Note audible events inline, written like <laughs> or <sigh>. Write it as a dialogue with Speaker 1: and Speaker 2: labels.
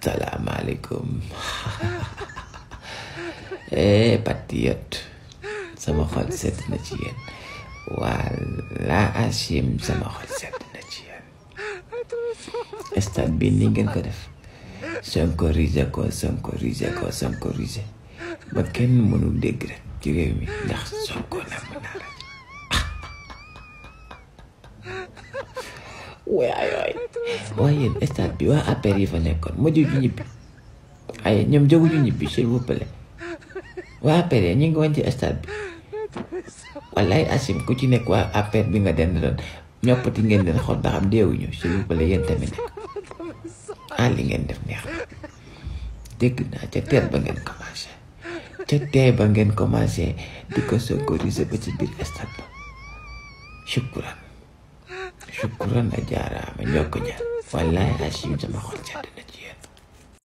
Speaker 1: salaamaaleykum <laughs> eh patriote sama xol sedd na ci yéen wala Hachim sama xol sedd na ci yéen stade bi ni ngeen ko def sonkorisé ko sonkorisé ko sonkorisé ba kenn mënul dégg rek ci réew mi ndax sonko na mën naa waay waay waaye yéen stade bi waa APR yi fa nekkoon moo jóg ñibbi waaye ñoom jóguñu ñibbi s'il vous plaît waa APR yi ñu ngi woon ci stade bi wallaay asim ku ci nekk waa APR bi nga den doon ñoppati ngeen den xool ba xam deewuñu s'il vous plaît tamit nag ah li ngeen def neex na dégg naa ca teel ba ngeen commencé ca tey ba ngeen commencé di ko sokorisé ba ci biir stade ba shukran a ma yau ku gyara wallahi a shi jama'a kwanciyar
Speaker 2: da